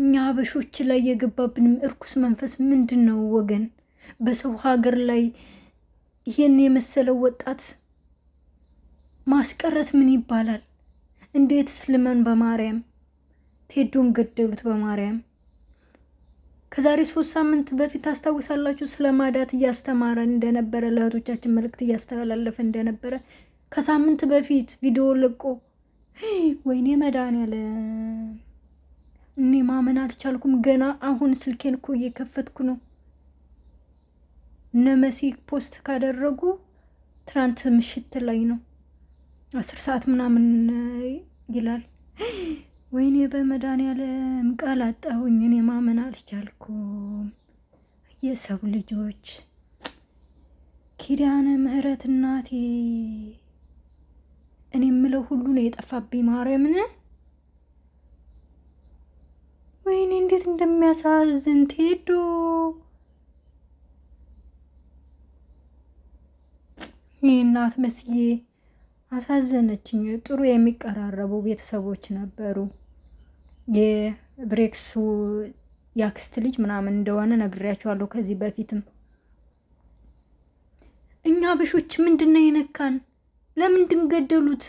እኛ ሀበሾች ላይ የገባብንም እርኩስ መንፈስ ምንድን ነው ወገን? በሰው ሀገር ላይ ይህን የመሰለው ወጣት ማስቀረት ምን ይባላል? እንዴት ስልመን በማርያም ቴዶን ገደሉት። በማርያም ከዛሬ ሶስት ሳምንት በፊት ታስታውሳላችሁ፣ ስለ ማዳት እያስተማረ እንደነበረ ለእህቶቻችን መልእክት እያስተላለፈ እንደነበረ ከሳምንት በፊት ቪዲዮ ለቆ ወይኔ መድኃኒዓለም እኔ ማመን አልቻልኩም። ገና አሁን ስልኬን እኮ እየከፈትኩ ነው። እነ መሲ ፖስት ካደረጉ ትናንት ምሽት ላይ ነው አስር ሰዓት ምናምን ይላል። ወይኔ በመድኃኒዓለም ቃል አጣሁኝ። እኔ ማመን አልቻልኩም። የሰው ልጆች ኪዳነ ምሕረት እናቴ እኔ የምለው ሁሉ ነው የጠፋብኝ ማርያምን እንዴት እንደሚያሳዝን ቴዶ እናት መስዬ አሳዘነችኝ። ጥሩ የሚቀራረቡ ቤተሰቦች ነበሩ። የብሬክሱ ያክስት ልጅ ምናምን እንደሆነ ነግሬያቸዋለሁ ከዚህ በፊትም። እኛ በሾች ምንድን ነው የነካን? ለምንድን ገደሉት?